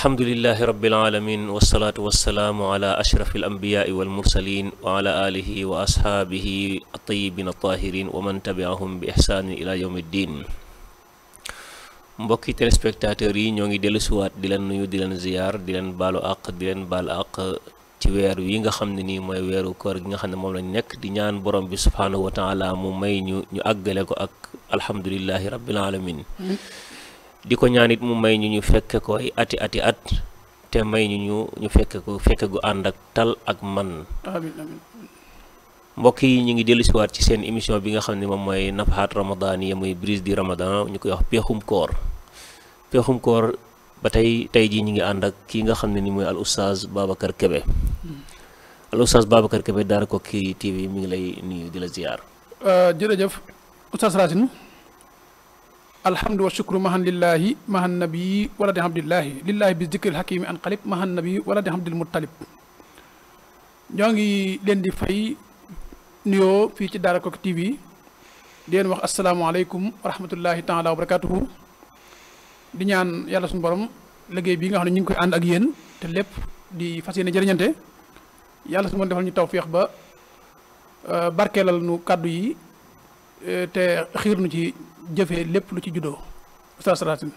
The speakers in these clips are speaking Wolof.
alhamdulillahi rabbil alamin wassalaatu wassalaamu ala ashraf al anbiyaai wal mursalin wa ala alihi wa ashaabihi at-tayyibin at-tahirin wa man tabiahum bi ihsaanin ila yawmi ddin mbokki téléspectateurs yi ñoo ngi dellu siwaat di leen nuyu di leen ziyaar di leen baalu àq di leen baal àq ci weer wi nga xam ne nii mooy weeru koor gi nga xam ne moom lañ nekk di ñaan borom bi subhaanahu wa taala mu may ñu ñu àggale ko ak alhamdulillahi rabbil alamin di ko ñaan it mu may ñu ñu fekke ko ati ati at te may ñu ñu ñu fekke ko fekke gu ànd ak tal ak man amiin mbokk yi ñu ngi dellu siwaat ci seen émission bi nga xam ne moom mooy nafahaat ramadaan yi muy brise du ramadan ñu koy wax peexum koor peexum koor ba tey tey jii ñu ngi ànd ak kii nga xam ne ni mooy al oustaz Babacar Kébé hmm. al oustaz Babacar Kébé Daarakoki TV mu ngi lay nuyu di la ziar. Euh, alhamdu wa shukru mahan lillahi mahan nabii wala di hamdillahi lillahi bi zikril hakimi an qalib mahan nabii wala di hamdil muttalib ñoo ngi leen di fay nuyoo fii ci Daara Koki TV di wax asalaamaaleykum wa rahmatullahi taala wa barakatuhu di ñaan yàlla suñu borom liggéey bi nga xam ne ñu ngi koy ànd ak yéen te lépp di fas yéene jëriñante yàlla suñu borom defal ñu tawféex ba euh, barkeelal nu kàddu yi Euh, te xiir nu ci jëfee lépp lu ci juddoo oustaz Racine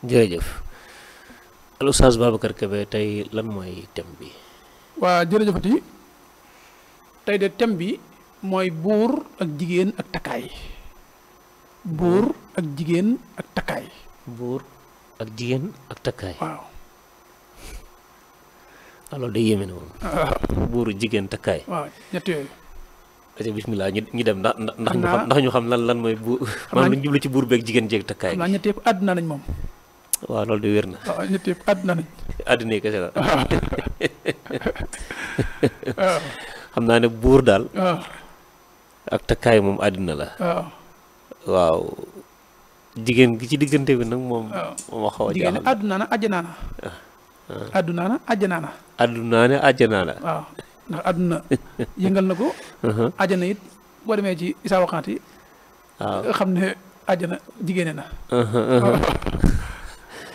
jërëjëf al oustaz Babacar Kébé tey lan mooy thème bi waa jërëjëfati tey de thème bi mooy buur ak jigéen ak takkaay buur ak jigéen ak takkaay buur ak jigéen ak takkaay waaw alors ah, day yéeme na moom buuru jigéen takkaay waaw ñett yooyu aca bismillah ñu ñu dem ndax ndax ñu xam ndax ñu xam lan lan mooy buur maanaam lu ñu ci buur beeg jigéen jeeg takkaay xam naa ñett yëpp àdduna moom waaw loolu a wér na waaw yi la xam naa ne buur daal ak takkaay moom àdduna la gi ci diggante bi nag moom moom a xaw a na àjjanaa ah, ah. na àdduna na àjjanaa na àdduna na àjjanaa na ndax àdduna yëngal na ko. Uh-huh. àjjana it boo demee ci isa waqaat yi. xam ne àjjana jigéene na. Uh-huh, uh-huh.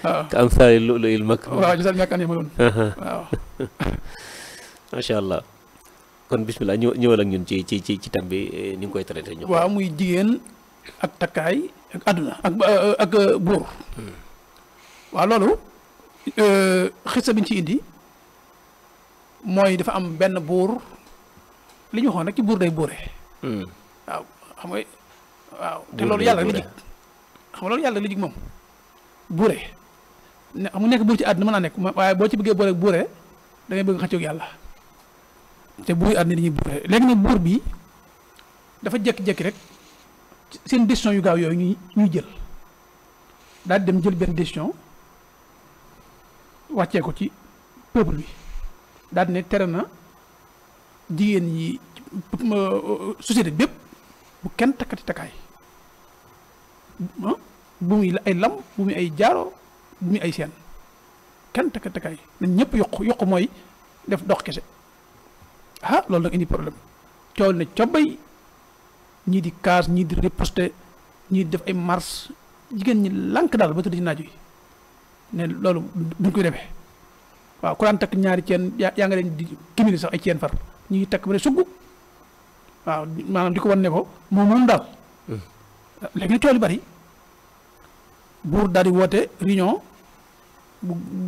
waaw ka am saa yu lu il mag. waaw ñu allah kon bisimilah ñëwal ak ñun ci ci ci tam bi eh, ni nga koy traité ñu. waaw muy jigéen ak takkaay ak àdduna ak euh, euh, buur. Hmm. waaw loolu euh, xisa biñ ci indi. mooy dafa am benn buur li ñu waxoon rek ci buur day buure. Hmm. waaw xam nga waaw. te loolu yàlla li jig xam nga loolu yàlla li jig moom buure ne xam nga nekk buur ci àdduna ma naa nekk waaye boo ci bëggee buure buure da ngay bëgg xëccoog yàlla te buur yi àdduna dañuy buure léegi nag buur bi dafa jékki-jékki rek seen décision yu gaaw yooyu ñuy ñuy jël daal dem jël benn décision wàccee ko ci peuple bi. daal ne tere na jigéen yi société bépp bu kenn takkati takkaay ah? bu muy ay lam bu muy ay jaaro bu muy ay seen kenn takkati takkaay nañ ñëpp yokku yokku mooy def dox kese ah loolu nag indi problème coow ne combay ñii di kaas ñii di riposte ñii di def ay marche jigéen ñi lank daal ba tëdd ci naaj wi ne loolu duñ koy defee waaw ko daan takk ñaari ceen yaa nga leen di sax ay ceen far ñuy takk ba ne sugg waaw maanaam di ko wan ne ko moom moom daal hmm. léegi nag tool bari buur daal di woote réunion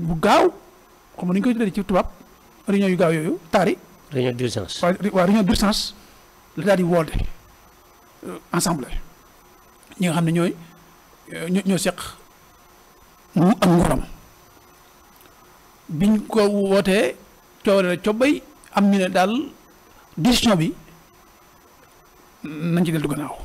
bu gaaw xam nga ni ñu koy tuddee ci tubaab réunion yu gaaw yooyu taari. réunion d'urgence waaw waaw réunion la daal di woote euh, ensemble ñi nga xam ne ñooy euh, ñoo seq mu am ngoram. biñ ko wootee coowale cobbay am ñu ne daal décision bi nañ ci dellu gannaaw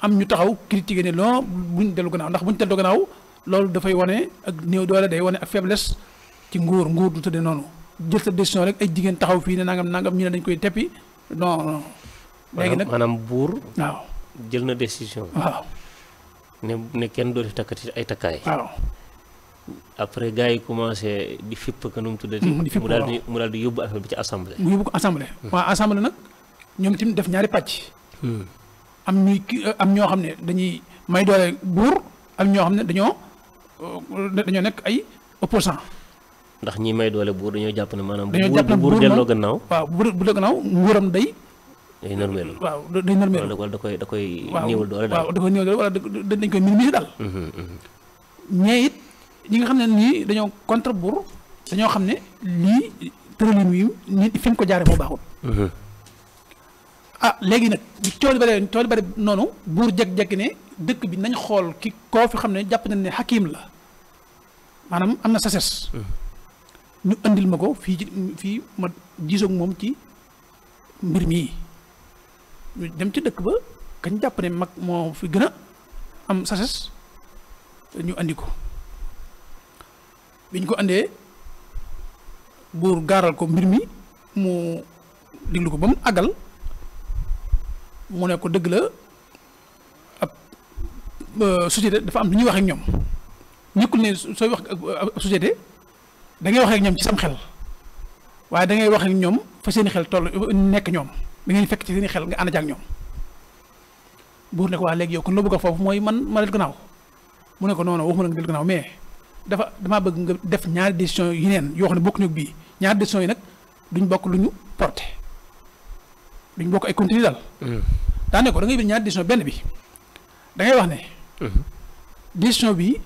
am ñu taxaw critiquer ne non buñ dellu gannaaw ndax buñ dellu gannaaw loolu dafay wane ak néew doole day wane ak faiblesse ci nguur nguur du tëddee noonu jël sa décision rek ay jigéen taxaw fii ne nangam nangam ñu ne dañ koy teppi non non. nag maanaam buur. waaw jël na décision. waaw ne ne kenn doo def takkati ay takkaay. waaw. après gars yi commencé di fipp ko nu mu tuddati. Mm-hmm, di fipp mu daal di mu daal di yóbbu affaire bi ci assemblée. mu yóbbu ko assemblée. Mm. waaw assemblée nag ñoom itam def ñaari pàcc. Mm. am ñuy am ñoo xam ne dañuy may doole buur am ñoo xam ne dañoo euh, dañoo nekk ay opposant ndax ñi may doole buur dañoo jàpp ne maanaam. dañoo jàpp ne buur buur delloo gannaaw. waaw buur bu delloo gannaaw nguuram day. day normeelu waaw day normeelu. wala da koy da koy néewal doole daal. waaw koy néewal doole wala daal. Mm-hmm, mm-hmm. ñee ñi nga xam ne nii dañoo contre bour dañoo xam ne lii tëralin wi nit fi ko jaare moo baaxul ah léegi nag tool bare tool bare noonu buur jeg-jeg ne dëkk bi nañ xool ki koo fi xam ne jàpp nañ ne xakim la maanaam am na sases ñu andil ma ko fii fii ma gisoog moom ci mbir mii ñu dem ci dëkk ba kañ jàpp ne mag moo fi gën a am sases ñu andi ko biñ ko andee buur gaaral ko mbir mi mu diglu ko ba mu àggal mu ne ko dëgg la ab société dafa am lu ñuy wax ak ñoom nekkul ne sooy wax ak société da ngay wax ak ñoom ci sam xel waaye da ngay wax ñoom fa seen xel toll nekk ñoom da ngay fekk ci seen xel nga ànd ak ñoom buur ne ko waa léegi yow kon loo bëgg foofu mooy man ma del gannaaw mu ne ko non non waxuma la nga del gannaaw mais. dafa damaa bëgg nga def ñaari décision yu neen yoo xam ne bokk ñu bii ñaari décision yi nag duñ bokk lu ñu porté duñ bokk ay contenu daal. Mm. ko da ngay bind ñaari décision benn bi da ngay wax ne. Mm-hmm. décision bi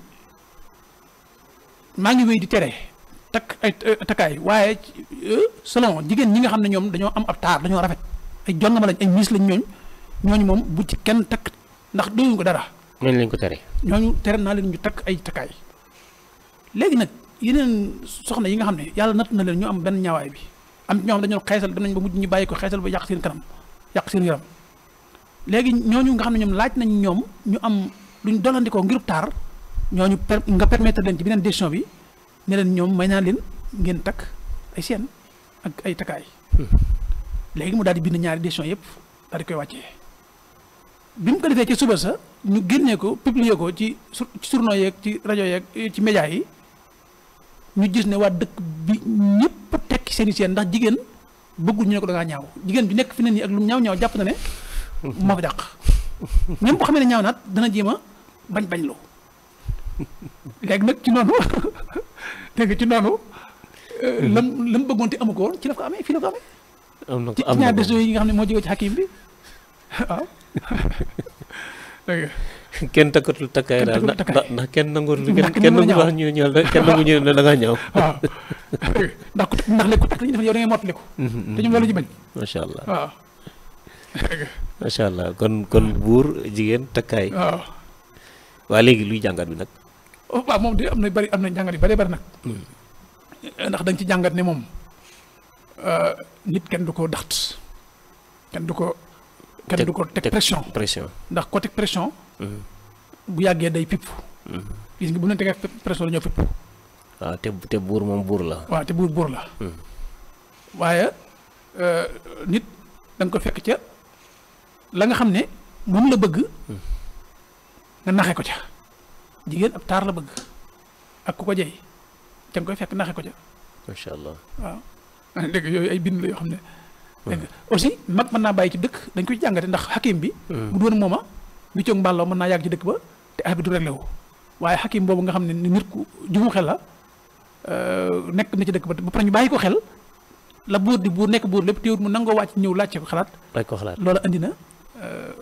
maa ngi wéy di tere takk ay takkaay waaye euh, selon jigéen ñi nga xam ne ñoom dañoo am ab taar dañoo rafet ay jongama lañ ay miis lañ ñooñ ñooñu moom bu ci kenn takk ndax doyuñ ko dara. ñooñu lañ ko tere. ñooñu tere naa leen ñu takk ay takkaay. léegi nag yeneen soxna yi nga xam ne yàlla natt na leen ñu am benn ñaawaay bi am ñoo xam dañoo xeesal dem nañ ñu bàyyi ko xeesal ba yàq seen kanam yàq seen yaram léegi ñooñu nga xam ne ñoom laaj nañ ñoom ñu am ñu dolandikoo ngir taar ñooñu per nga permettre leen ci beneen décision bi ne leen ñoom may naa leen ngeen takk ay seen ak ay takkaay. Hmm. léegi mu daal di bind ñaari décision yëpp daal di koy wàccee bi mu ko defee ci suba sa ñu génnee ko publier ko ci sur journaux yeeg ci rajo yeeg ci média yi ñu gis ne waa dëkk bi ñëpp tekki seen seen ndax jigéen bëggul ñu ne ko da ngaa ñaaw jigéen bi nekk fi ne nii ak lu ñaaw ñaaw jàpp na ne moo fi dàq même bu xamee ne ñaaw naat dana jéem a bañ bañ loo léegi nag ci noonu dégg nga ci noonu euh, lam lam bëggoon te amu ko ci la ko amee fii la ko amee am na ko ci ñaar décisions yi nga xam ne moo jógee ci xakim bi waaw kenn takkatul takkaay daal ndax kenn nangu kenn nangu wax ñu ñal kenn nangu ñu da ngaa ñaaw waaw ndax ku ndax léegi ku takk li ñu def yow da ngay mottaliku mm-hmm. te jigéen takkaay waaw léegi luy jàngat bi nag oh, moom de am na bari am na jàngat yu bari bari nag mm. ndax da ci jàngat ni moom euh, nit kenn du ko daxt kenn du ko kenn du ko teg pression pression ndax ko teg pression mm-hmm. bu yàggee day pipp mm-hmm. gis nga bu ñu tegee pression dañoo pipp waaw ah, te buur moom buur la waaw te buur buur la mm. waaye euh, nit da ko fekk ca la nga xam ne moom la bëgg mm. nga naxe ko ca jigéen ab taar la bëgg ak ku ko jey ca nga koy fekk naxe ko ca macha allah waaw dégg yooyu ay bind la yoo xam ne aussi mag mën naa bàyyi ci dëkk dañ koy jàngate ndax xakim bi bu doon mooma bi coog mbàlloo mën naa yàgg ci dëkk ba te affaire bi du waaye xakim boobu nga xam ne nit ku jumu xel la euh, nekk na ci dëkk ba ba pare ñu bàyyi ko xel la buur di buur nekk buur lépp téewut mu nangoo wàcc ñëw laajte ko xalaat laaj ko xalaat andi na euh,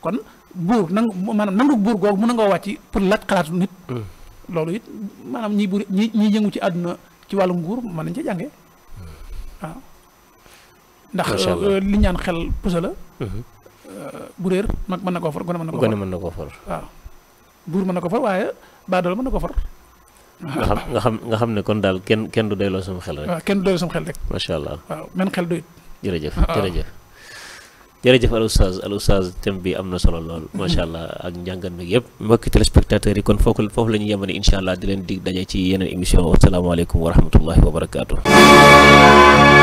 kon buur nangu maanaam nangu buur googu mu nangoo wàcc pour laaj xalaatu nit loolu it maanaam ñii buur ñi ñiy yëngu ci àdduna ci wàllu nguur mën nañu ca jànge waaw ndax euh, li ñaan xel pusa la mhm. euh, bu réer mag mën na koo far gone mën na koo far gone mën na koo far waaw buur mën na ko far waaye baadoolo mën na ko far nga xam nga xam nga xam ne kon daal kenn kenn du doyloo sama xel rek waaw kenn du doyloo sama xel rek macha allah waaw men xel doyut jërëjëf jërëjëf jërëjëf al oustaz al oustaz thème bi am na solo lool mhm. macha allah ak njàngat mi yëpp mbokki téléspectateurs yi kon foofu foofu la ñu yemane incha allah di leen dig daje ci yeneen émission wasalaamaaleykum wa rahmatullahi wa barakaatu